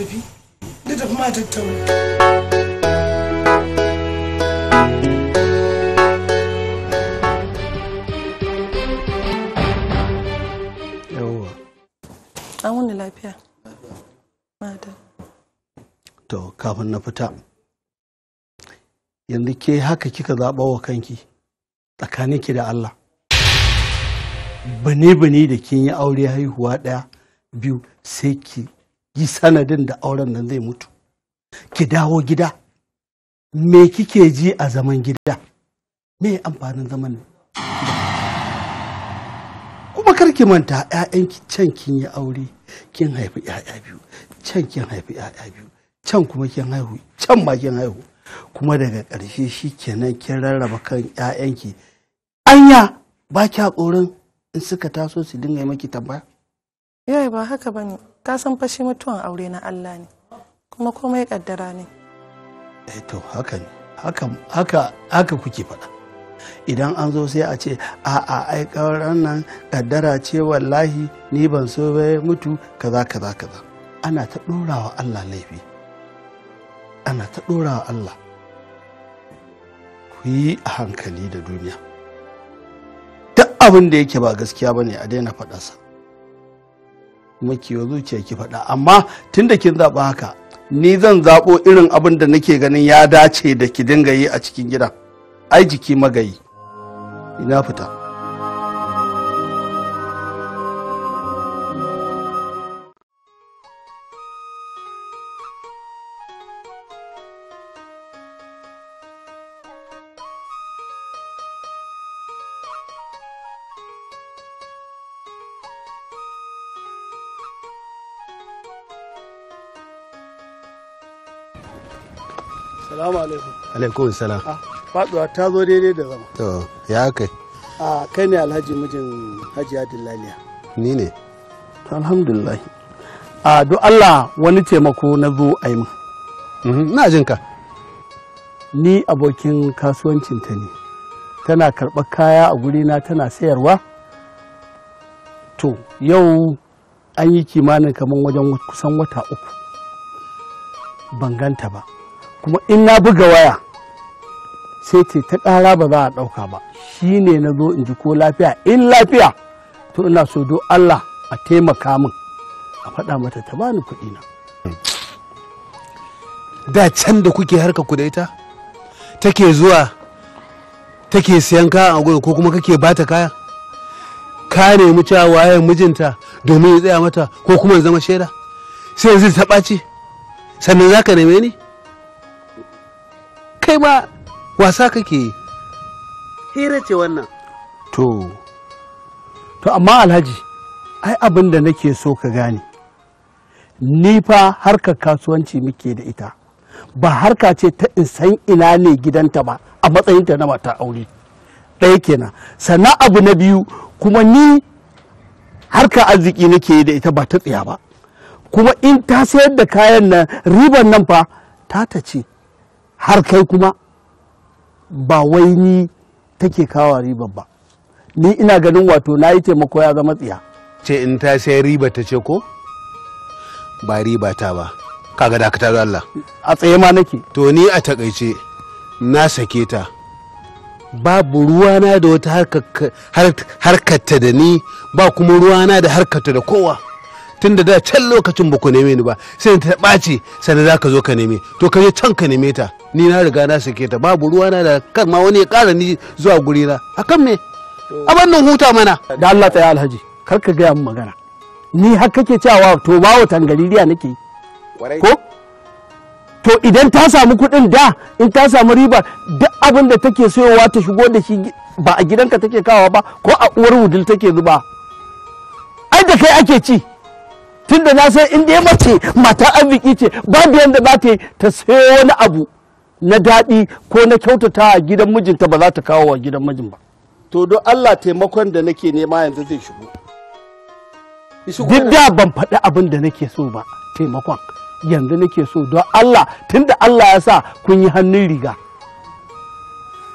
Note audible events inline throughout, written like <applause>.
tafi da tafi ma tattauna yawwa an wani lafiya mata to kafin na fita yanzu ke haka kika zaɓa wa kanki tsakaninki da Allah bane-bane da kin yi aure haihuwa ɗaya biyu sai ki yi sanadin da auren nan zai mutu ki dawo gida me kike ji a zaman gida me amfanin zaman ne kuma kar ki manta 'ya'yanki can kin yi aure kin haifi ƴaƴa biyu can kin haifi ƴaƴa biyu can kuma kin haihu can ma kin haihu kuma daga ƙarshe shi kenan kin rarraba kan 'ya'yanki anya ba kya tsoron in suka taso su dinga maki tambaya yaya ba haka bane ka san fashi mutuwan aure na Allah ne kuma komai kaddara ne eh to haka ne haka haka haka kuke faɗa idan an zo sai a ce a a ai kauran nan kaddara ce wallahi ni ban so ba mutu kaza kaza kaza ana ta dorawa Allah laifi ana ta dorawa Allah ku yi a hankali da duniya duk abin da yake ba gaskiya bane a daina faɗa sa kuma kiyo zuciya ki faɗa amma tunda kin zaɓi haka ni zan zaɓo irin abin da nake ganin ya dace da ki dinga yi a cikin gidan ai jiki magayi ina fita alaikum salam ah, faduwa ta zo daidai da zama to ya kai a ah, kai ne alhaji mijin hajiya dillaliya ni ne alhamdulillah a ah, do allah wani taimako na zo a yi mhm, na jin ka ni abokin kasuwancinta ne tana karɓar kaya a gurina tana sayarwa to yau an yi kimanin kamar wajen kusan wata uku ban ganta ba kuma in na buga waya sai ce ta ƙara ba za a ɗauka ba shi ne na zo in ji ko lafiya in lafiya to ina so do Allah a taimaka min a faɗa mata ta bani kuɗi na. da can da kuke harka ku da take zuwa take siyan kayan a ko kuma kake bata kaya ka nemi cewa wayan mijinta domin ya tsaya mata ko kuma ya zama shaida sai yanzu ta ɓaci sannan za ka neme ni kai ma wasa kake yi hira ce wannan to to amma alhaji ai abin da nake so ka gane ni fa harkar kasuwanci muke da ita ba harka ce ta in san ina ne gidanta ba a matsayinta na mata aure ɗaya kenan sannan abu na biyu kuma ni harka arziki nake da ita ba ta tsaya ba kuma in ta sayar da kayan nan riban nan fa ta ta ce har kai kuma ba wai ni take kawo riba ba ni ina ganin wato na yi taimako ya zama tsiya ce in ta sai riba ta ce ko ba riba ta ba kaga da ta Allah a tsaye ma nake to ni a takaice na sake ta babu ruwana da wata harkata da ni ba kuma ruwana da harkata da kowa tun da da can lokacin ba ku neme ni ba sai ta ɓace sannan za ka zo ka neme to ka je can ka neme ta ni na riga na sake ta babu ruwa na da kan ma wani ya kara ni zuwa guri na akan me a wannan huta mana da Allah ta yi alhaji kar ka gaya min magana ni har kake cewa to ba wa tangaririya nake ko to idan ta samu kuɗin da in ta samu riba duk abin da take sayowa ta shigo da shi ba a gidanka take kawa ba ko a uwar wudul take zuba ai da kai ake ci tunda na san in dai mace mata arziki ce babu yanda za ta ta sayo wani abu na daɗi ko na kyautata a gidan mijinta ba za ta kawo wa gidan mijin ba to don Allah taimakon da nake nema yanzu zai shigo duk da ban faɗi abin da nake so ba taimakon yanzu nake so don Allah tunda Allah ya sa kun yi hannun riga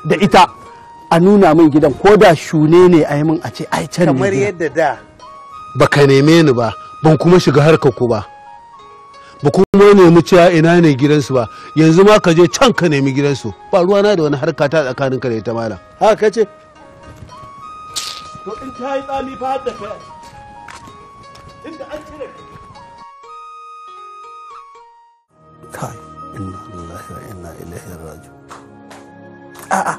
da ita a nuna min gidan ko da shune ne a yi min a ce ai can kamar yadda da ka neme ni ba ban kuma shiga harkar ku ba ba kuma nemi cewa ina ne gidansu ba yanzu ma ka je can ka nemi gidansu ba ruwana da wani harka ta tsakanin ka da ita mala. Ha ka ce to in ta yi tsami fa da ka inda an cire kai inna lillahi wa inna ilaihi raji'un a'a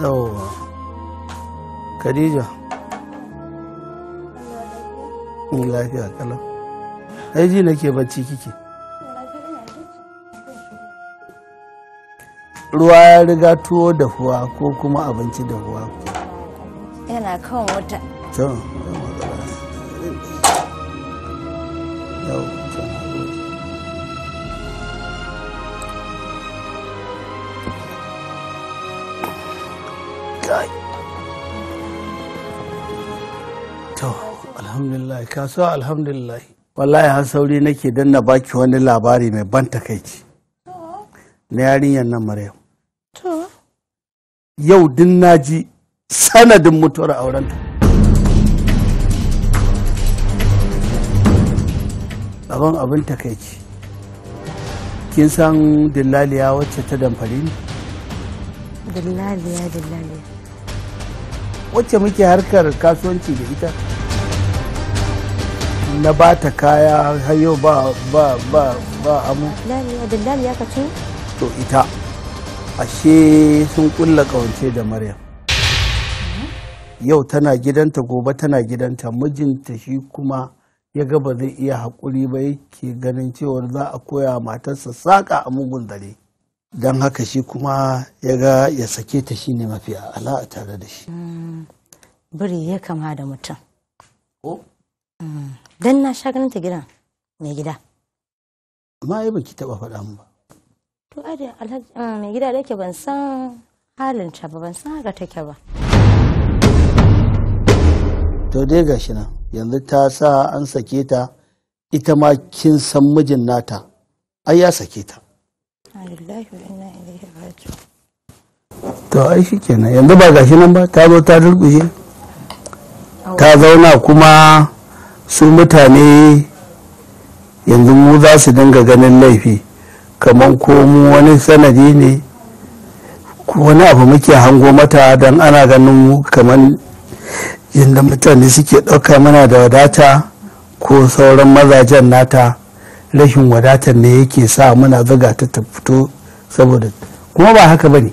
yawwa khadija ni lafiya kalau ai ji nake bacci kike ruwa ya riga tuwo da huwa ko kuma abinci da huwa yana kan wata to yau alhamdulillah kasuwa alhamdulillah wallahi har sauri nake dan na baki wani labari mai ban takaici na yarinyar nan maryam yau din naji sanadin mutuwar aurenta abin abin takaici kin san dillaliya wacce ta damfari ne dillaliya dillaliya wacce muke harkar kasuwanci da ita na ba ta kaya har yau ba ba ba ba amu ya kace to ita ashe sun kulla kawance da maryam yau tana gidanta gobe tana gidanta mijinta shi kuma ya ga ba zai iya haƙuri ba yake ganin cewar za a koya matarsa saƙa a mugun dare don haka shi kuma ya ga ya sake ta shi ne mafi ala a tare da shi hmm, biri ya kama da mutum dan na sha ganin ta gidan mai gida amma ai baki taba faɗa mu ba to ai da alhaji mm, mai gida da yake ban san halin ta ba ban san haka take ba to dai gashi nan yanzu ta sa an sake ta ita ma kin san mijin nata ai ya sake ta Alhamdulillah inna ilaihi raji'un. to ai shi kenan yanzu ba gashi nan ba ta zo ta durkushe ta zauna kuma su mutane yanzu mu za su dinga ganin laifi kamar ko mu wani sanadi ne ko wani abu muke hango mata don ana ganin mu kamar yadda mutane suke ɗauka mana da wadata ko sauran mazajen nata rashin wadatar ne yake sa muna zuga ta ta saboda kuma ba haka ba ne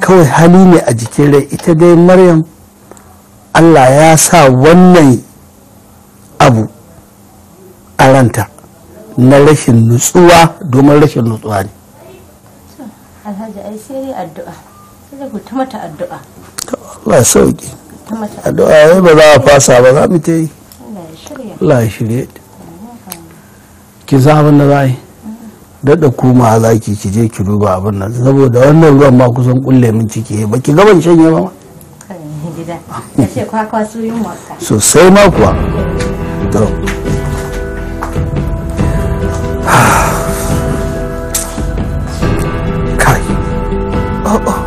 kawai hali ne a jikin rai ita dai maryam allah ya sa wannan abu a ranta na rashin nutsuwa domin rashin nutsuwa ne za fasa ba za mu ki za abin da za yi mm-hmm. ki je ki duba abin nan saboda wannan ruwan ma kusan kulle min ciki ba ki gaban shanye ba ma sosai ma kuwa Go. <sighs> Kai. Oh, oh.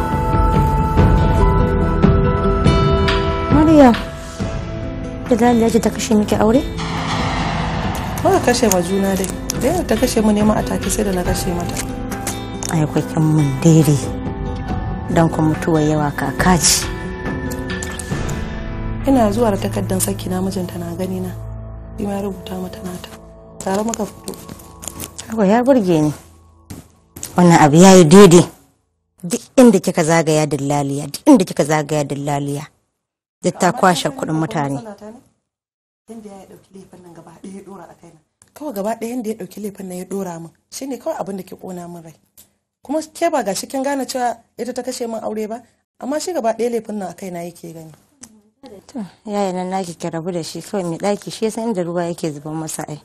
Maryam. Bilal ya ji ta kashe miki aure? Ba kashe ma juna dai. Da eh, yawa ta kashe mu nema a take sai da na kashe mata. Ai kwakin mun dere. Dan ku mutuwa yawa kakaci. Ina zuwa da takaddan sakina mijinta na gani na. shi ma ya rubuta mata nata tare maka fito ko ya burge ni wannan abu ya yi daidai duk inda kika zagaya dillaliya duk inda kika zagaya dillaliya duk ta kwashe kuɗin mutane inda ya dauki laifin nan gaba ɗaya ya dora a kaina kawai gaba ɗaya inda ya dauki laifin nan ya dora min shine kawai abin da ke ƙona min rai kuma ke ba gashi kin gane cewa ita ta kashe min aure ba amma shi gaba ɗaya laifin nan a kaina yake gani To, yaya nan naki ki rabu da shi kawai mai ɗaki shi yasa inda ruwa yake zuba masa ai.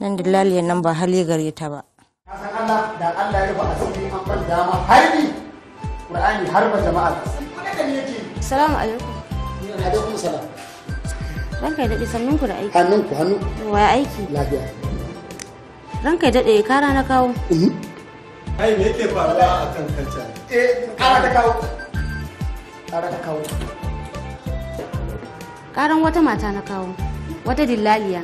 Nan da laliya nan ba hali gare ta ba. san Allah da Allah ya rufe asiri an ban dama harbi Qur'ani har ba jama'a. Kada ne yake. Assalamu alaikum. Wa alaikum salam. Ranka kai daɗe sannun ku da aiki. Hannun ku hannu. waya aiki. Lafiya. Ranka kai daɗe kara na kawo. Mhm. Ai me yake faruwa akan kanta? Eh, kara ta kawo. Kara ta kawo. karan wata mata na kawo wata dillaliya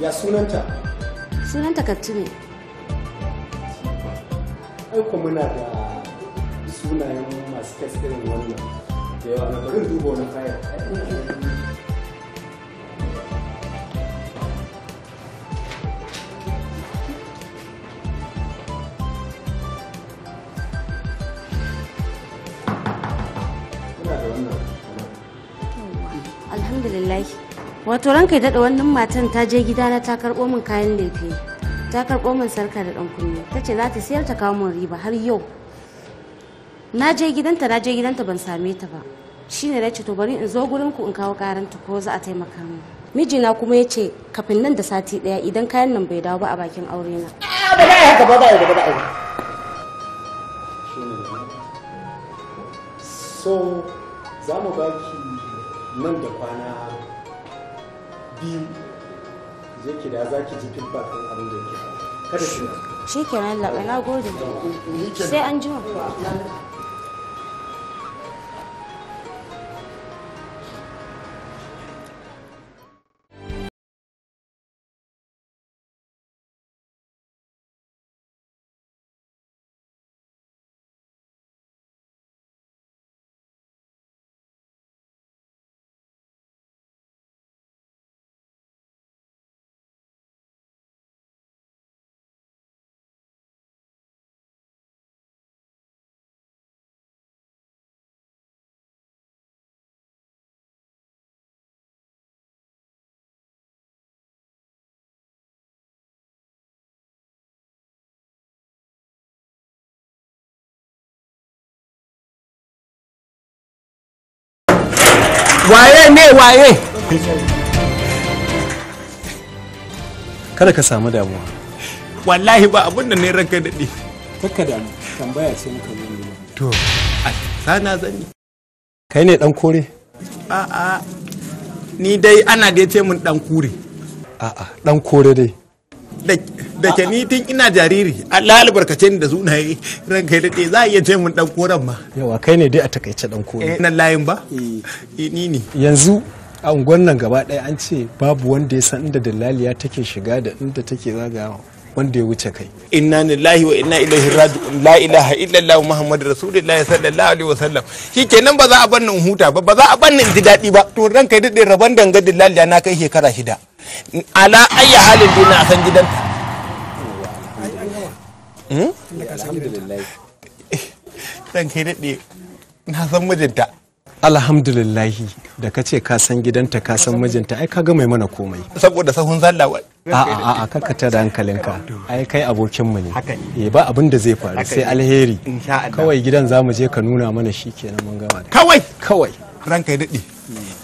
ya sunanta sunanta kattu ne aiko muna da sunayen masu kaskirin wannan da yawa na bari duba wani kayan wallahi wato ranka ya daɗa wannan matan ta je gidana ta karɓo min kayan lefe ta karɓo min sarka da ɗan kunne ta ce za ta siyar ta kawo min riba har yau na je gidanta na je gidanta ban same ta ba shine na ce to bari in zo gurin ku in kawo karanta ko za a taimaka min mijina kuma ya ce kafin nan da sati ɗaya idan kayan nan bai dawo ba a bakin aure na. so za mu baki nan da kwana biyu je ki da za ki ji feedback kan abin da yake kada ki shi kenan labai na gode sai an ji jima waye ne waye kada ka samu damuwa wallahi ba abun da ne ranka daɗe kakka da tambaya sai muka yi to a sana zani kai ne dan kore a'a ni dai ana da ya ce mun dan kure a'a dan kore dai da ke ni tun ina jariri Allah albarkace ni da sunaye ran kai ke za a iya ce mun dan koran ma yawa kai ne dai a takaice dan koren eh nan layin ba eh. Eh, ni ne yanzu a unguwar nan gaba daya an ce babu wanda ya san inda dalaliya take shiga da inda take zagawa wanda ya wuce kai inna lillahi wa inna ilaihi raji'un la ilaha illallah muhammadur rasulullahi sallallahu alaihi wasallam shikenan ba za a bannin huta ba ba za a bannin ji daɗi ba to ran kai daɗe rabon danga dalaliya na kai shekara shida ala ayya halin dina a san gidan dan kai daɗe na san mijinta alhamdulillahi da ka ce ka san gidanta ka san mijinta ai ka ga mai mana komai saboda sahun wa a a kaka ta da hankalinka ai kai abokin mu ne eh ba abin da zai faru sai alheri kawai gidan za mu je ka nuna mana shi kenan mun gama kawai kawai ranka ya daɗe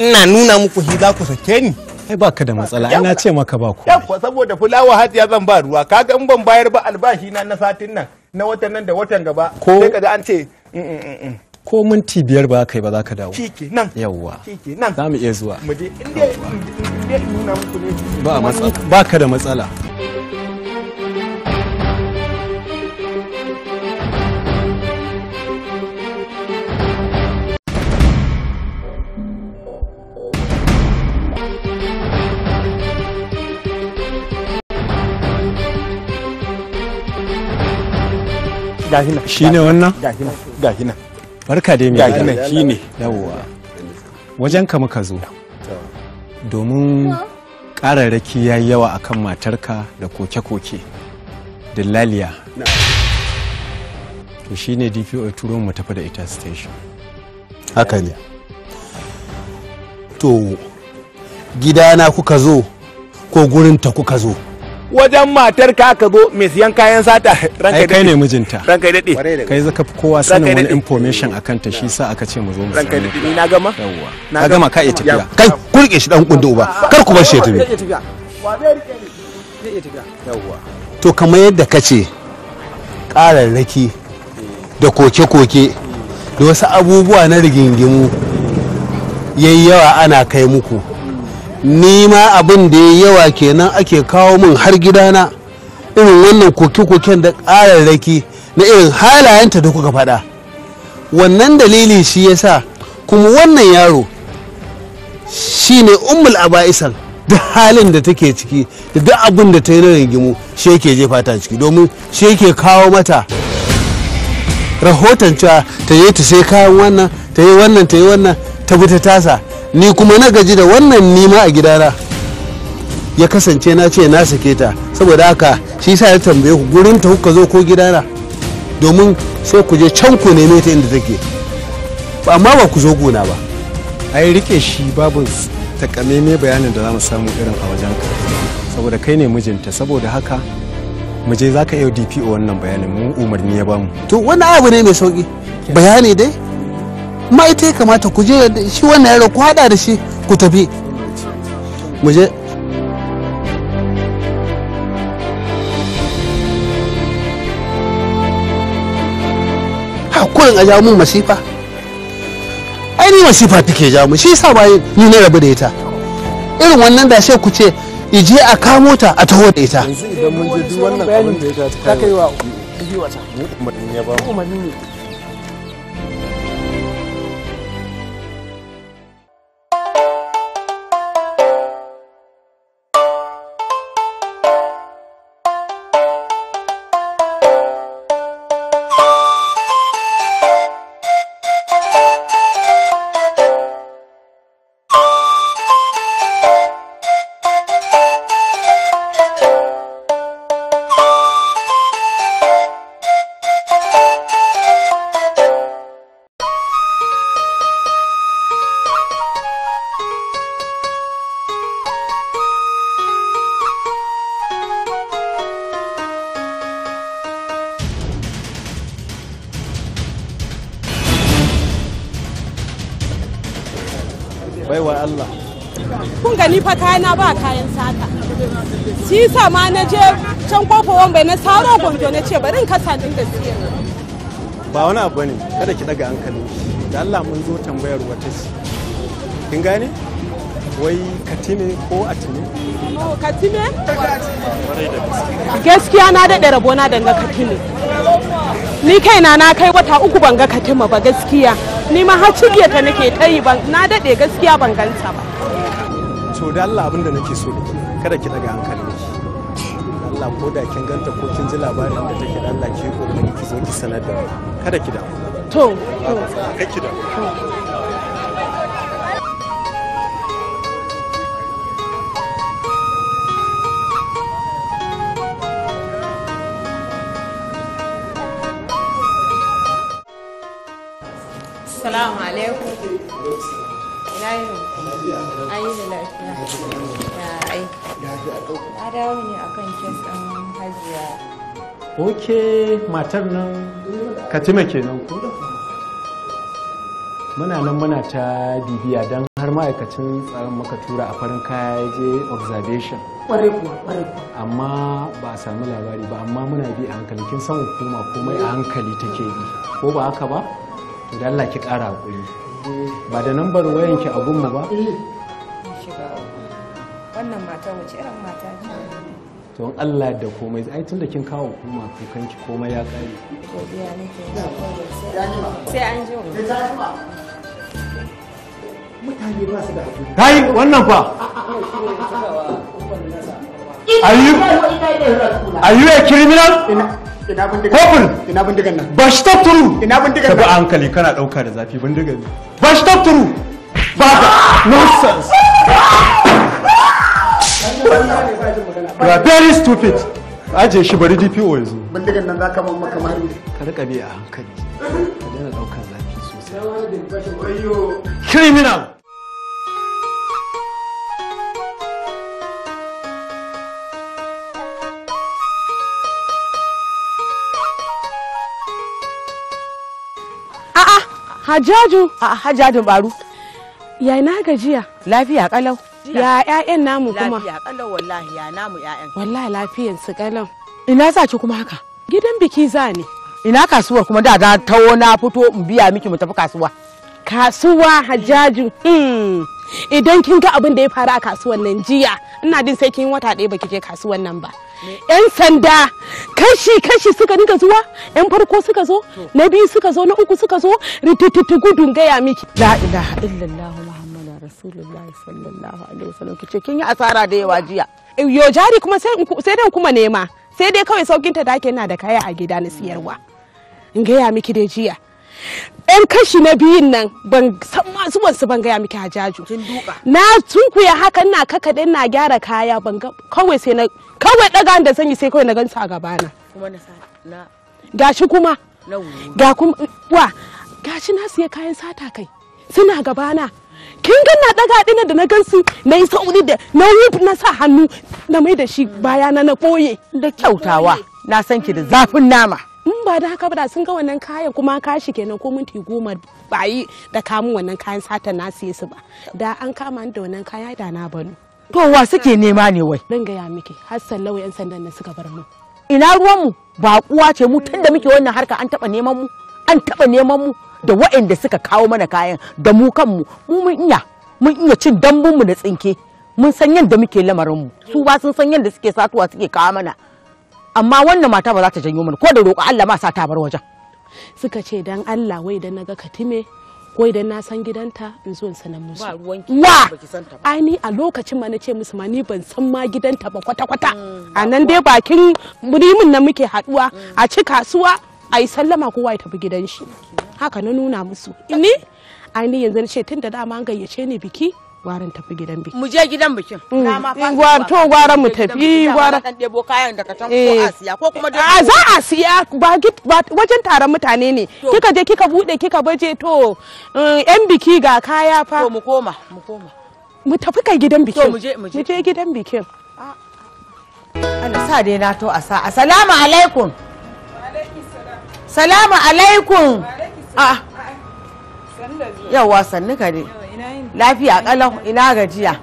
ina nuna muku hi za ku sake ni ai baka da matsala ina ce maka ba komai yawa saboda fulawa hatiya zan ba ruwa kaga in ban bayar ba albashi na na satin nan na watan nan da watan gaba ko sai kaga an ce mm, mm, mm, ko minti biyar ba kai ba za ka dawo kike nan Yawwa. kike nan za mu iya zuwa mu je in dai nuna muku ne ba matsala baka da matsala gahina shine wannan gahina gahina barka da mai gahina shine yawwa wajen ka muka zo domin ƙararraki ya yi yawa akan matarka da koke-koke dillaliya to shine dpo turo mu tafi da ita station haka ne to gidana kuka zo ko gurinta kuka zo wajen matar ka ka zo mai siyan kayan sata ranka kai ne mijinta ranka dade kai zaka fi kowa sanin wani information akan ta shi sa aka ce mu zo mu ranka dade ni na gama na gama ka iya tafiya kai ku rike shi dan kundu uba kar ku bar shi ya tafi wa zai rike ni zai iya tafiya yawwa to kamar yadda ka ce ƙararraki da koke-koke da wasu abubuwa na rigingimu yayi yawa ana kai muku ni ma abin da ya yawa kenan ake kawo min har gidana irin wannan koke-koken da ƙararraki na irin halayenta da kuka faɗa wannan dalili shi ya sa kuma wannan yaro shi ne a aba'isan duk halin da take ciki da duk abin da ta yi na rigimu shi yake jefa ta ciki domin shi yake kawo mata rahoton cewa ta yi ta sai kayan wannan ta yi wannan ta yi wannan ta bi ta tasa ni kuma na gaji da wannan nima a gidana ya kasance na ce na sake ta saboda haka shi sa ya tambaye ku gurin ta kuka zo ko gidana domin sai ku je can ku neme ta inda take amma ba ku zo gona ba ai rike shi babu takamaimai bayanin da za mu samu irin a wajenka saboda kai ne mijinta saboda haka mu je za ka yau dpo wannan bayanin mun umarni ya bamu to wani abu ne mai sauki bayani dai kuma ita ya kamata ku je da shi wannan yaro ku hada da shi ku tafi mu je ha hakurin a ja mun masifa ai ni masifa take ja mu shi yasa bayan ni ne rabu da ita irin wannan da sai ku ce ije a kamo ta a taho da ita yanzu idan mun je duk wannan abin da ya ta kai wa wata umarni ya ba mu umarni ne baiwa Allah kun gani fa kayana ba kayan sata shi sa ma na je can kofa bai na saro gondo na ce bari in kasa din da ba wani abu ne kada ki daga hankali. da Allah mun zo tambayar wata ce kin gane wai katime ko atime? katime? gaskiya na daɗe rabona danga katime ni kaina na kai wata uku ban ga katima ba gaskiya ni ma har cigiya ta nake ta yi ban na dade gaskiya ban ganta ba to da Allah abin da nake so da kada ki daga hankali Allah ko da kin ganta ko kin ji labarin da take da Allah ki kokari ki zo ki sanar da kada ki da to to kada ki to na akan kes ɗin hajiya ok matar nan katima kenan ko muna nan muna ta bibiya don har ma'aikacin tsaron maka tura a farin kaya ya je observation kware kuwa amma ba a sami labari ba amma muna bi a hankali kin san hukuma komai a hankali take bi ko ba haka ba to da Allah ki kara hakuri ba da nambar wayanki a gunmu ba eh. ta wuce irin mata ce Allah da komai ai tun da kin kawo kuma ki komai ya kare sai an ji ba su da hakuri kai wannan fa are you a criminal Kofin! Ina bindigan nan. Ba shi tafturu! Ina bindigan nan. Ka bi hankali kana ɗauka da zafi bindigan. Ba shi Ba ka! Nonsense! you are very stupid aje shi bari dpo ya zo bindigan nan za ka man maka mari ka rika bi a hankali ka daina zafi sosai criminal Hajaju a Hajajin Baru. Yaya na gajiya? Lafiya kalau. ya ƴaƴan namu kuma lafiya kalau wallahi ya namu ƴaƴan wallahi lafiyan su kalau ina za ki kuma haka gidan biki za ne ina kasuwar kuma da na tawo na fito in biya miki mu tafi kasuwa kasuwa hajjaju hmm. idan kin ga abin da ya faru a kasuwar nan jiya ina din sai kin wata ɗaya ki je kasuwar nan ba yan sanda kashi kashi suka dinga zuwa yan farko suka zo na biyu suka zo na uku suka zo rititi gudun gaya miki la ilaha illallah rasulullahi sallallahu alaihi wasallam kice kin yi asara da yawa jiya eh, yo jari kuma sai dan kuma nema sai dai kawai saukin ta dake na da kaya a gida na siyarwa in gaya miki dai jiya yan kashi na biyun nan ban san masu su ban gaya miki hajaju na tunkuya haka na kakade na gyara kaya ban ga kawai sai na kawai daga da sanyi sai kawai na gansa a gaba kuma na gashi kuma ga kuma wa gashi na siya kayan sata kai suna gabana kin ga na daga dina da na gansu na yi sauri da na na sa hannu na mai da shi baya na na boye da kyautawa na san ki da zafin nama in ba da haka ba sun ga wannan kayan kuma kashi kenan ko minti goma ba yi da kamun wannan kayan sata na siye su ba da an kama da wannan kaya da na bano. to wa suke nema ne wai dan ya miki hassan sallawa yan sandan na suka bar mu ina ruwan mu ba kuwa ce mu tunda muke wannan harka an taba neman mu an taɓa neman mu da waɗanda suka kawo mana kayan da mu kanmu mu mun iya mun iya cin dambun mu na tsinke mun san yadda muke lamarin mu su ba sun san yadda suke satuwa suke kawo mana amma wannan mata ba za ta janyo mana ko da roƙo Allah ma sa ta bar wajen suka ce dan Allah wai dan naga katime ko idan na san gidanta in zo in sanar musu wa ai ni a lokacin ma ce musu ma ni ban san ma gidanta ba kwata kwata mm. a nan dai bakin burimin na muke haɗuwa mm. a ci kasuwa a yi sallama kowa ya tafi gidan shi haka na nuna musu ni ainihin yanzu ce tun da dama an gayyace ni biki gwaran tafi gidan biki. Mu je gidan bikin. Mm. Mm, to gwaran mu tafi gwaran. Dan debo kayan daga can ko eh. a siya ko kuma a za a siya ba wajen taron mutane ne. Kika je kika bude kika baje to mm, yan biki ga kaya fa. To mu koma mu koma. Mu tafi kai gidan bikin. To mu je mu je. Mu je gidan bikin. Ah, ah. Allah sa dai na to a sa. Assalamu alaikum. salamu alaikum ah. Yau sannu ka ne lafiya kalau ina gajiya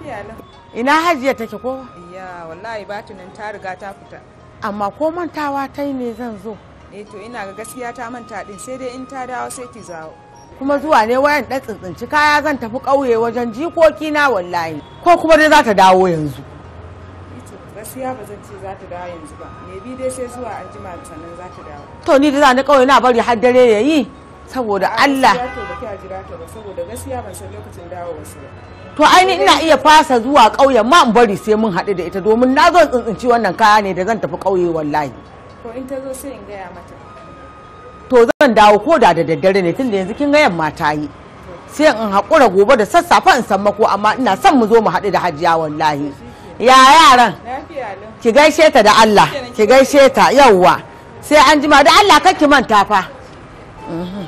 ina hajiya take ko ya wallahi tunan ta riga ta fita amma ko mantawa ta ne zan zo eh to ina ga gaskiya ta manta din sai dai in ta dawo sai ki zawo kuma zuwa ne wayan dan tsintsinci kaya zan tafi ƙauye wajen jikoki na wallahi ko kuma dai za ta dawo yanzu gaskiya ba zan ce za ta dawo yanzu ba me bi dai sai zuwa an jima sannan za ta dawo to ni da za na kawai na bari har dare ya yi saboda Allah to ba kya jira ta ba saboda gaskiya ban san lokacin dawo ba to ainihin ina iya fasa zuwa ƙauyen ma in bari sai mun haɗu da ita domin na zo tsintsinci wannan kaya ne da zan tafi kauye wallahi to in ta zo sai in gaya mata to zan dawo ko da da daddare ne tun da yanzu kin ga yamma ta yi sai in haƙura gobe da sassafe in san mako amma ina son mu zo mu haɗu da hajiya wallahi ya yaran ki gaishe ta da Allah ki gaishe ta yauwa sai an jima da Allah kake manta fa mhm.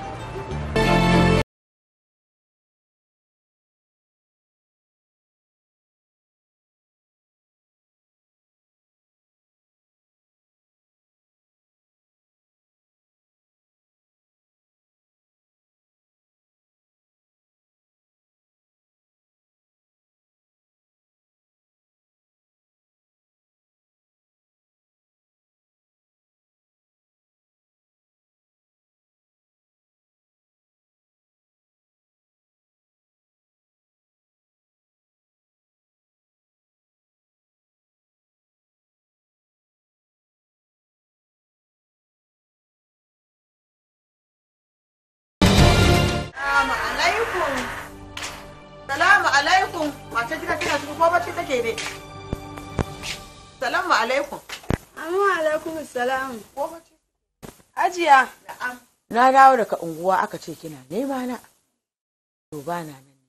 daidai salamu alaikum amma alaikum salam ajiya na dawo daga unguwa aka ce kina nema na to ba na nan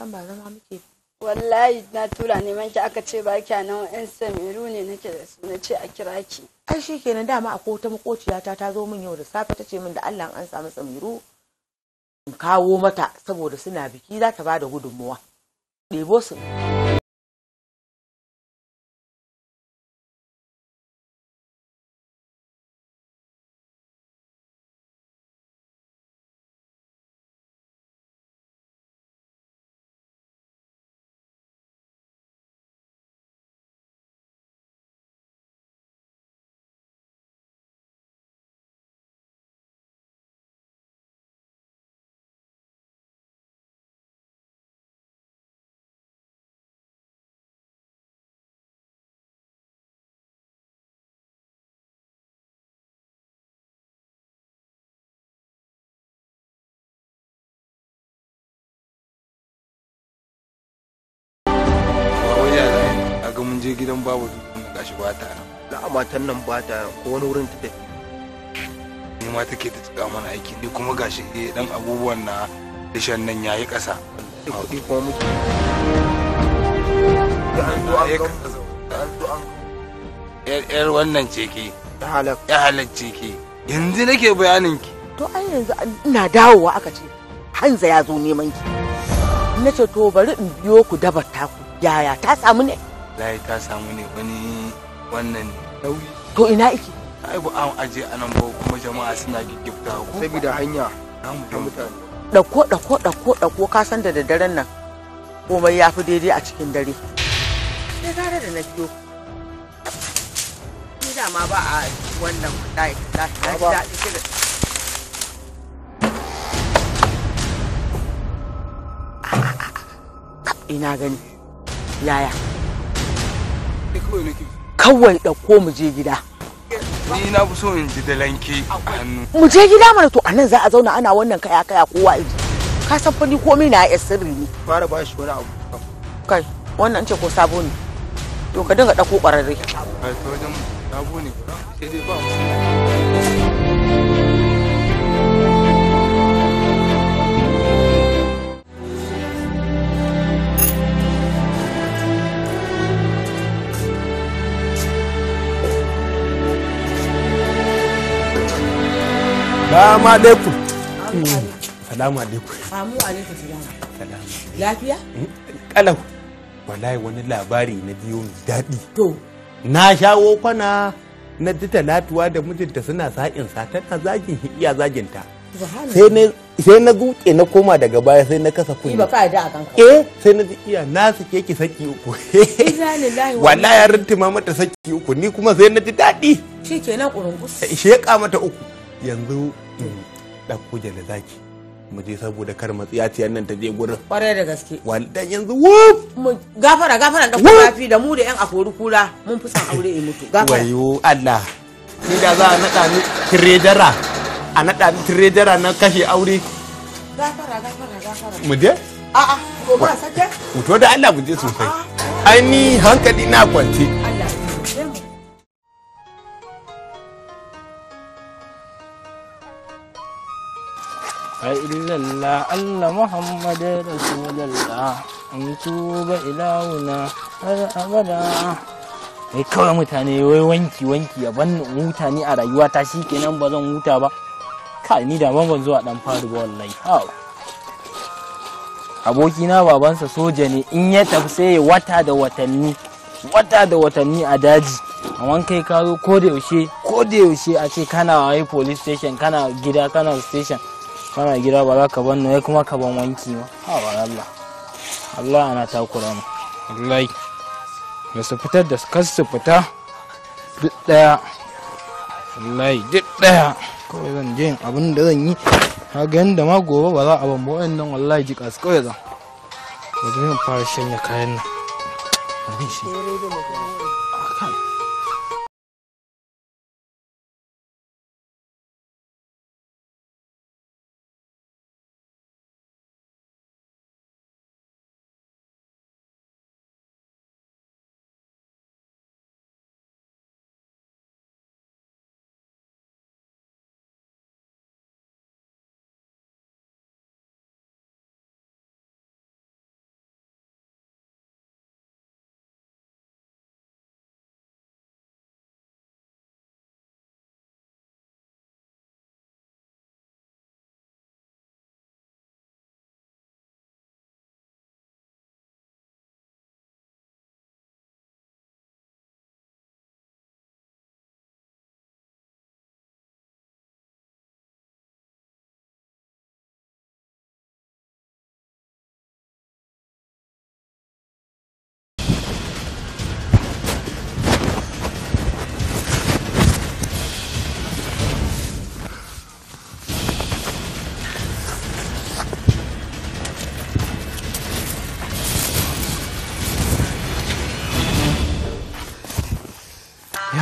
kan ba zama muke wallahi na tura neman ki aka ce ba kya nan yan samiru ne nake da su na ce a kira ki ai shikenan dama akwai wata makociyata ta zo min yau da safe ta ce min da Allah an samu samiru in kawo mata saboda suna biki za ta ba da gudunmuwa ɗebo su je gidan babu gashi ba ta nan na matan nan ba ta ko wani wurin ta ni ma take ta tsaka mana aiki ni kuma gashi eh, dan abubuwan na dishan nan yayi kasa kuɗi ko muke yar wannan ce ki ya halacce ki yanzu nake bayanin ki to ai yanzu ina dawowa aka ce hanza ya zo neman ki na ce to bari in biyo ku dabar taku yaya ta samu ne wallahi ta samu ne wani wannan nauyi to ina ike ai ba an aje anan ba kuma jama'a suna giggifta ko saboda hanya ta mutane dako dako dako dako ka san da daddaren nan komai ya fi daidai a cikin dare sai gara da na kiyo ni da ma ba a wannan wallahi da da ah, da ah, ah, ina gani yaya Kawai ɗauko mu je gida. Ni na fi so in ji dalanke a hannu. Mu je gida mana to anan za a zauna ana wannan kaya kaya kowa in Ka san fa ni komai na ya sirri ne. Fara ba shi wani abu. Kai wannan ce ko sabo ne. To ka dinga ɗauko ƙwararre. Ai to wajen sabo ne. Sai dai ba mu. Salamu alaikum. Salamu alaikum. Salamu. Lafiya? Hmm? Kalau. Wallahi wani labari na biyo mai daɗi. To. Na shawo kwana na ji talatuwa da mijinta suna sa'in sa tana zagin iya zaginta. Sai na zuke na koma daga baya sai na kasa kunya. Ba Eh sai na ji iya na sake ki saki uku. <laughs> Wallahi ya rintima mata saki uku ni kuma sai na ji daɗi. Shi ƙurungus. mata uku. yanzu mm, ɗauko jale zaki mu je saboda kar matsiyaciyar nan ta je gurin ƙwarai da gaske walidan yanzu wuf gafara gafara da kuma da mu da yan akori kula mun fi san aure in mutu gafara wayo Allah ni da za a nada ni tiredara a nada ni tiredara na kashe aure gafara gafara gafara mu je a'a ko ba sake mu to da Allah mu je sosai ai ni hankali na kwance Allah لا إله إلا الله in tuba ilawuna har abada mai kawai mutane wai wanki wanki a ban huta a rayuwa ta shi kenan ba zan huta ba ka ni da ban ban zuwa dan faru ba wallahi aboki na babansa soja ne in ya tafi sai ya wata da watanni wata da watanni a daji amma kai ka zo ko da yaushe ko da yaushe a ce kana wai police station kana gida kana station kana gida ba za ka banna ya kuma ka ban wanki ma ha ba Allah Allah ana takura mu wallahi ya su fitar da kas su fita duk daya wallahi duk daya kawai zan je abin da zan yi ha ga yanda ma gobe ba za a ban ba wayannan wallahi ji kas kawai zan bari in fara shanya kayan nan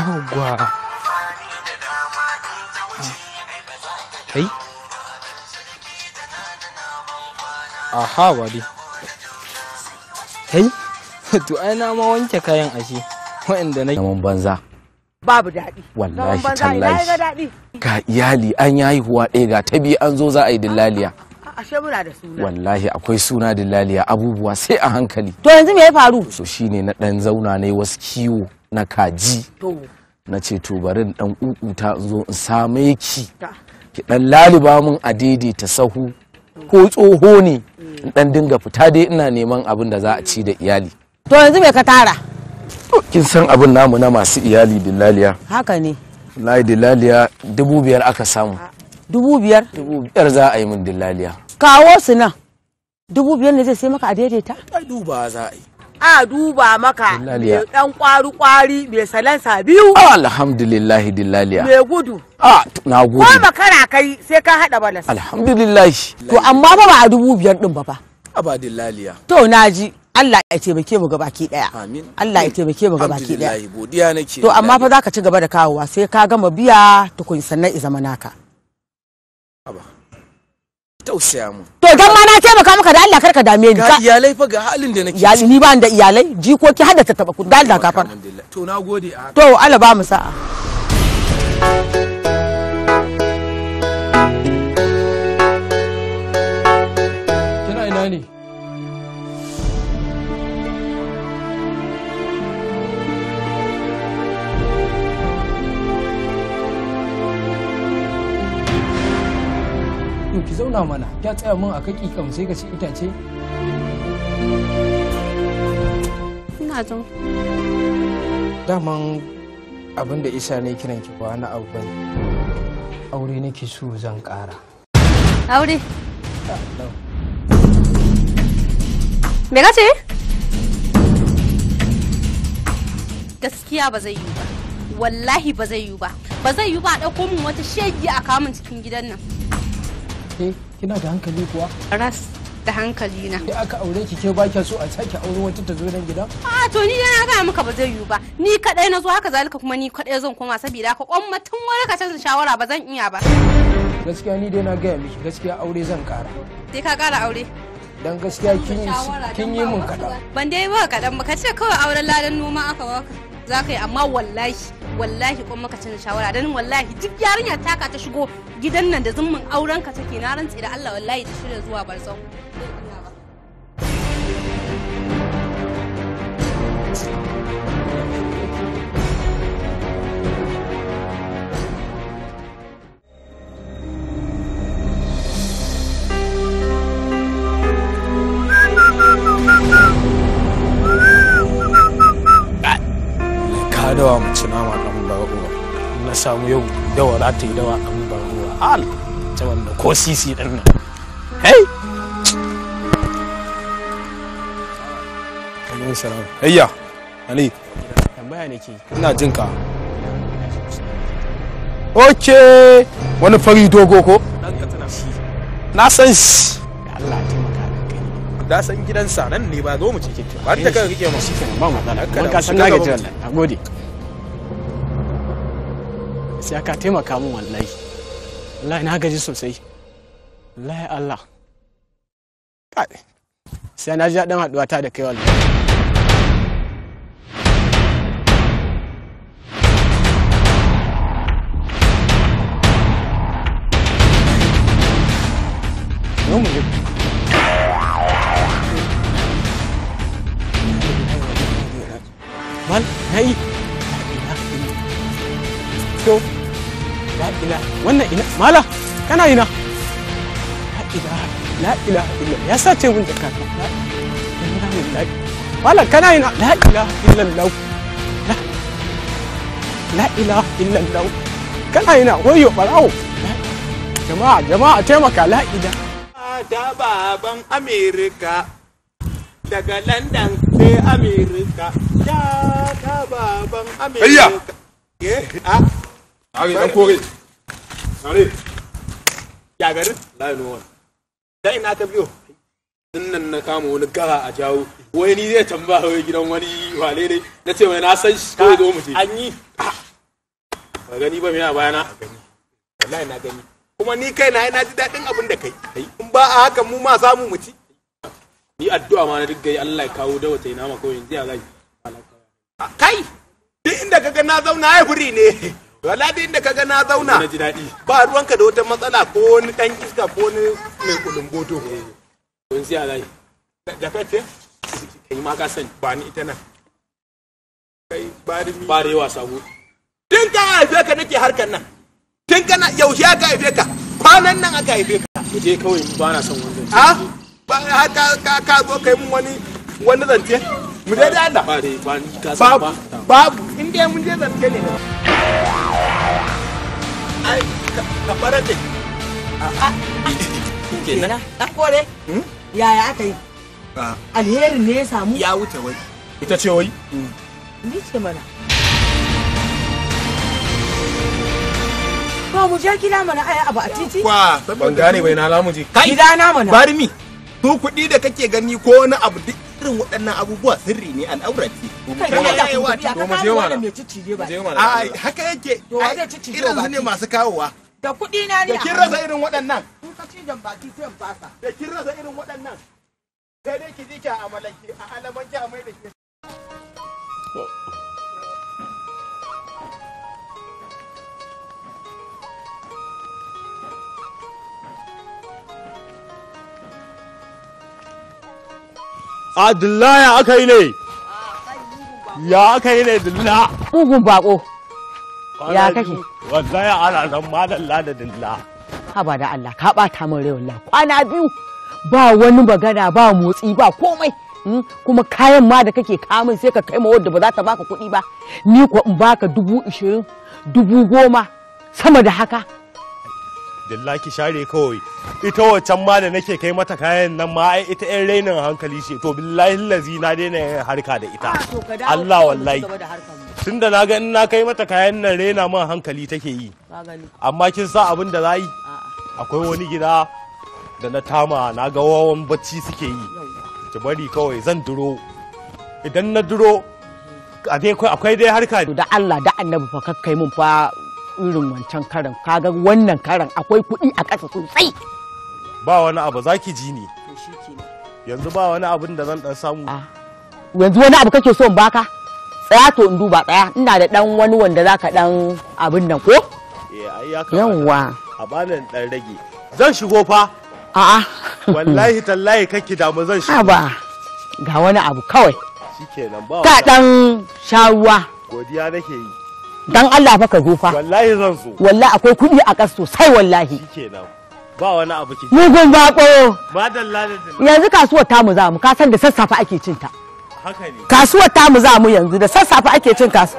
yawwa kai ah. aha wadi kai <laughs> to ai na ma wanke kayan ashe waɗanda na mun banza babu daɗi wallahi tallahi ga iyali an yayi huwa ɗaya ga ta biyu an zo za a yi dillaliya ashe muna da suna wallahi akwai suna dillaliya abubuwa sai a hankali to yanzu me ya faru so shine na dan zauna ne wasu kiwo na kaji to na ce to bari in dan kukuta in zo in same ki ki dan laliba mun a daidaita sahu ko tsoho ne in dan dinga fita dai ina neman abin da za a ci da iyali to yanzu me ka tara kin san abin namu na masu iyali dillaliya haka ne wallahi dillaliya dubu biyar aka samu dubu biyar dubu biyar za a yi min dillaliya kawo su nan dubu biyar ne zai sai maka a daidaita ai duba za a yi a duba maka mai dan kwari kwari mai salansa biyu alhamdulillah dillaliya mai gudu a na gudu ko makara kai sai ka hada balas alhamdulillah to amma ba a dubu biyar din ba fa abadillaliya to naji Allah ya taimake mu ki daya Allah ya taimake mu ki daya godiya nake to amma fa zaka ci gaba da kawowa sai ka gama biya tukun sannan i zama naka tausaya mu to dan ma na taimaka maka da Allah karka dame ni ga iyalai fa ga halin da nake iyali ni ba da iyalai jikoki har da ta taba ku da Allah gafara to nagode a ah. to Allah ba mu sa'a ido ki zauna mana ya tsaya min a kaki kam sai ka ci itace ina jin daman abin da isa ne kiran ki ba na abu bane aure nake so zan kara aure ah, me kace gaskiya ba zai yi ba wallahi ba zai yi ba ba zai yi ba a ɗauko min wata shege a kamun cikin gidan nan ke kina da hankali kuwa ras da hankali na da aka aure ki ke baki so a sake aure wata ta zo nan gidan a to ni na ga maka ba zai yiwu ba ni kadai na zo haka zalika kuma ni kadai zan koma saboda haka kwamma tun wani ka canza shawara ba zan iya ba gaskiya ni dai na gaya miki gaskiya aure zan kara sai ka kara aure dan gaskiya kin yi mun kaɗan. Ban dai ba kaɗan ba ka ce kawai auren ladan noma aka baka za ka yi amma wallahi wallahi kuma maka canza shawara dan wallahi duk yarinya taka ta shigo gidan nan da zumun auren ka take na rantsi da Allah wallahi ta shirya zuwa barzau dawa mace nama samu yau dawa za ta yi dawa abin ban ruwa al ta wanda ko sisi din nan hey alaikum salam hayya ali tambaya nake ina jin ka oke wani fari dogo ko na san shi Allah ta da san gidansa nan ne ba zo mu ce ke ba ta kan rike mu shi ba mu da ka san ga gaji wannan nagode Sai aka taimaka mun wallahi wallahi na gaji sosai wallahi Allah kai sai na ji dan haduwa ta da kai wallahi Mal, hey! la ilaha wannan ina mala kana ina la ilaha la ilaha illallah ya sace mun zakka la ilaha illallah mala kana ina la ilaha illallah la ilaha illallah kana ina wayo barawo jama'a jama'a taimaka la ilaha da baban amerika daga london sai amerika da baban amerika eh, ah. Allez, dan kore. Allez. Ya garin? Lai no. Dan ina ka biyo. Dinnan na kama wani gara a jawo. Wai ni zai tambaya wai gidan wani wale ne. Na ce wai na san shi kawai zo mu je. An yi. Ah. Ba gani ba me a bayana. Wallahi na gani. Kuma ni kai na ina ji daɗin abin da kai. In ba a haka mu ma samu mu ci. Ni addu'a ma na digga Allah ya kawo da wata ina ma kawai yanzu ya gani. Kai! Duk inda ga na zauna ya furi ne. wala da inda kaga na zauna ba ruwanka da wata matsala ko wani dan iska ko wani mai kulumboto don eh, siya zai da kace kai ma ka sani ba ni ita nan kai bari mi. Bari wa sabu. tun ka haife ka nake harkar nan tun kana yaushe aka haife ka kwanan nan aka haife ka je kawai ba na son wannan a ba haka ka ka zo kai mun wani wani zance mu dai da Allah ba ba babu in dai mun je zance ne ai ka fara da kenan an kore hmm? yaya aka yi ah. alherin ne ya samu ya wuce wai ita ce wai hmm. ni ce mana ba mu je mana abu a titi ban gane bai na lamu je gida na mana bari mi su kuɗi da kake gani ko wani abu duk irin waɗannan abubuwa sirri ne al'aura ce. Haka yake irin su ne masu kawowa. Da kuɗi na ne. Da kin rasa irin waɗannan. In ka ci jan baki sai in fasa. Da kin rasa irin waɗannan. Sai dai ki ji ki a amalanki a alamanki a mai da ke. Adulla ya aka yi ne? Ya aka yi ne dilla? ugun bako. Ya kake? Wallahi ana zan madalla da dilla. Haba da Allah ka bata min rai wallahi kwana biyu ba wani magana ba motsi ba komai. Hmm? kuma kayan ma da kake kamun sai ka kai ma wadda ba za ta baka kuɗi ba ni ko in baka dubu ishirin dubu goma sama da haka dillaki ki share kawai ita wancan ma da nake kai mata kayan nan ma ai ita yan rainin hankali ce to billahi lazi na daina yin harka da ita ah, Allah wallahi tunda na ga in na kai mata kayan nan raina man hankali take yi amma kin sa abin da za yi akwai wani gida da na tama na ga wawan bacci suke yi ki bari kawai zan duro idan na duro akwai dai harka da Allah da annabi fa kakkai mun fa irin wancan karan kaga wannan karan akwai kuɗi a ƙasa sosai ba wani abu za ki ji ne yanzu ba wani abun da zan dan samu ah. yanzu wani abu kake so in baka tsaya to in duba tsaya ina da dan wani wanda zaka dan abin nan ko eh, yawwa a banin dan rage zan shigo fa a'a wallahi tallahi kake mu zan shigo ba ga wani abu kawai shikenan ba ka dan sha ruwa godiya nake yi dan Allah fa ka zo fa wallahi zan so wallahi akwai kuɗi a ƙasa sosai wallahi ba wani abu ki mugun bako madalla yanzu kasuwar ta mu za mu ka san da sassafe ake cin ta haka ne kasuwar mu za mu yanzu da sassafe ake cin kasu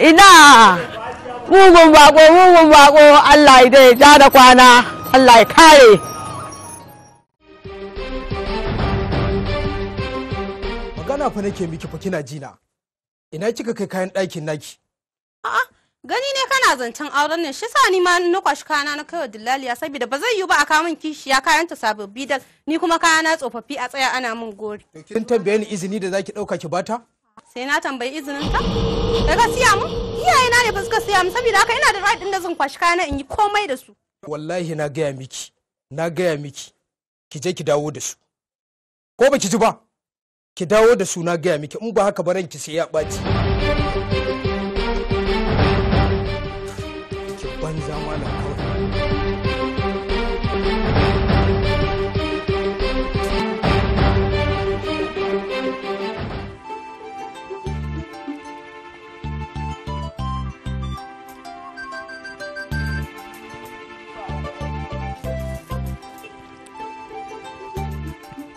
ina mugun bako mugun bako Allah ya dai ja da kwana Allah ya kare magana fa nake miki fa kina jina ina kika kai kayan ɗakin naki a'a gani ne kana zancen auren nan. shi sa ni ma na kwashi kayana na kaiwa dillaliya saboda ba zai yi ba a kamun kishiya kayan ta sababbi dal ni kuma kayana tsofaffi a tsaya ana min gori kin tambaye ni izini da zaki ɗauka ki bata sai na tambayi izinin ka daga siya mu iyaye na ne ba suka siya mu saboda haka ina da right din da zan kwashi kayana in yi komai da su wallahi na gaya miki na gaya miki ki je ki dawo da su ko ba ki ji ba ki dawo da suna gaya miki in ba haka ba ranki sai ya ɓaci ki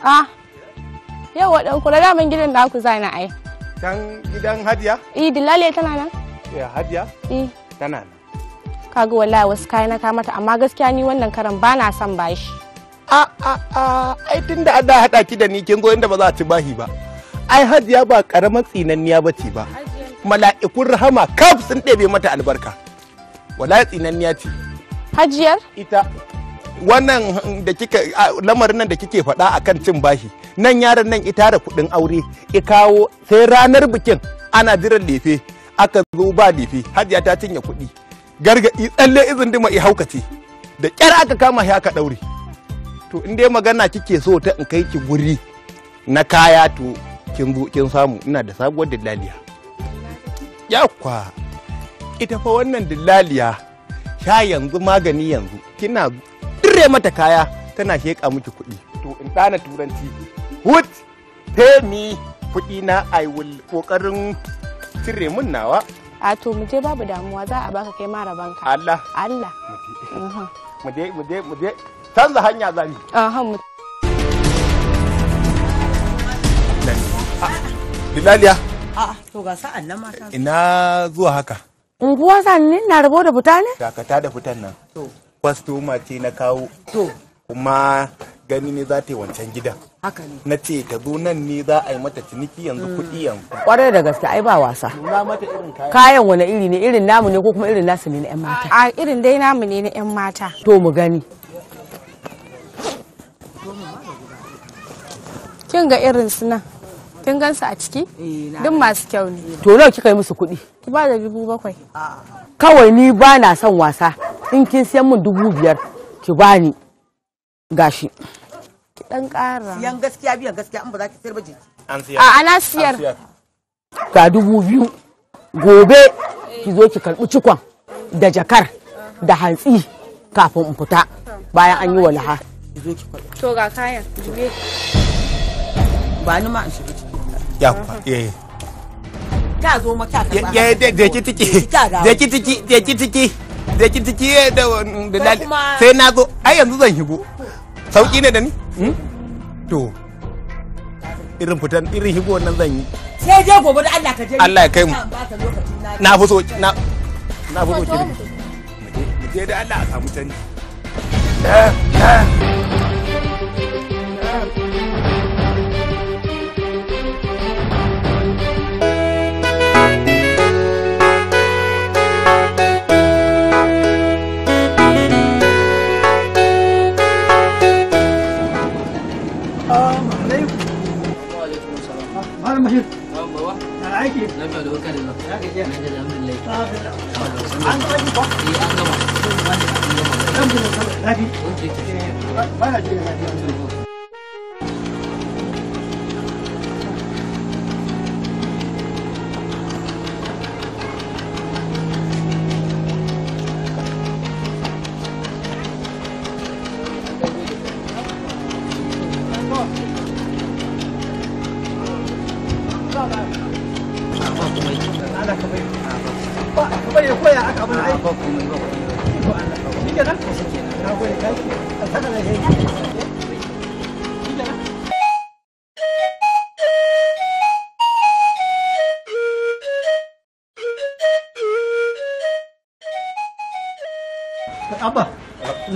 Ah, Yau wa ɗan kula daman gidan da aku zana ai. Can gidan Hadiya? Eh, Dilaliya tana nan. ya Hadiya? Eh. Tana nan. Kaga wallahi wasu kayana na ka mata amma gaskiya ni wannan karan ba na son bashi. A a a ai tunda Allah haɗa ki da ni kin goyon inda ba za a ci bahi ba. Ai Hadiya ba karamar tsinanniya ba ce ba. Mala'ikun rahama kaf sun ɗebe mata albarka. Wallahi tsinanniya ce. Hajiyar? Ita. wannan da kika lamarin nan da kike faɗa akan cin bashi nan yaron nan ita da kuɗin aure i kawo sai ranar bikin ana jiran lefe aka zo ba lefe hajiya ta cinye kuɗi gargaɗi tsalle izin dima i haukace da ƙyar aka kama shi aka ɗaure to in dai magana kike so ta in kai ki guri na kaya to kin zo kin samu ina da sabuwar dillaliya yakwa ita fa wannan dillaliya sha yanzu magani yanzu kina ɗaure mata kaya tana sheƙa miki kuɗi. To in ɗana turanci. Would pay me kuɗi na I will ƙoƙarin cire mun nawa. A to mu je babu damuwa za a baka kai ma rabanka. Allah. Allah. Mu je mu je mu je canza hanya za mu. Aha mu. Bilaliya. A'a to ga sa'an nan mata. Ina zuwa haka. Unguwa sa'an na rabo da fita ne? Dakata da fitan nan. To. kwastoma ce na kawo kuma gani ne za ta yi wancan gidan na ce ta zo nan ne za a yi mata ciniki yanzu hmm. kuɗi yanzu kwarai da gaske ai ba wasa kayan wani iri ne irin namu ne ko kuma irin nasu ne na yan mata a irin dai namu ne na yan mata to mu gani kin ga irin su nan kin su a ciki eh, duk masu kyau ne to nawa kika yi musu kuɗi ki ba da dubu bakwai kawai ni ba na son wasa in kin siyan min dubu biyar ki bani gashi ki dan kara siyan gaskiya biyan gaskiya in ba za ki siyar ba jiki an siyar a ana siyar ga dubu biyu gobe ki zo ki karbi cikon da jakar da hantsi kafin in fita bayan an yi walaha to ga kayan ba ni ma an shiga ya ku eh ta zo maka karba ya da ki tiki da ki tiki da ki tiki da eh, mm, na zo ai zan higo sauki ne da ni hmm? to irin fitan irin higo nan zan yi sai je da Allah ka je Allah ya kai mu na fi so na na fi so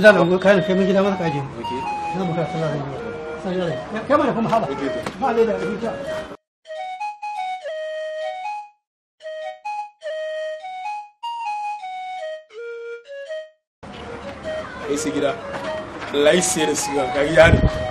لا لا كان في من جدا ما تقعدين لا مكان سلام كما يكون هذا هذا Esse gira, lá em Sirius, cara,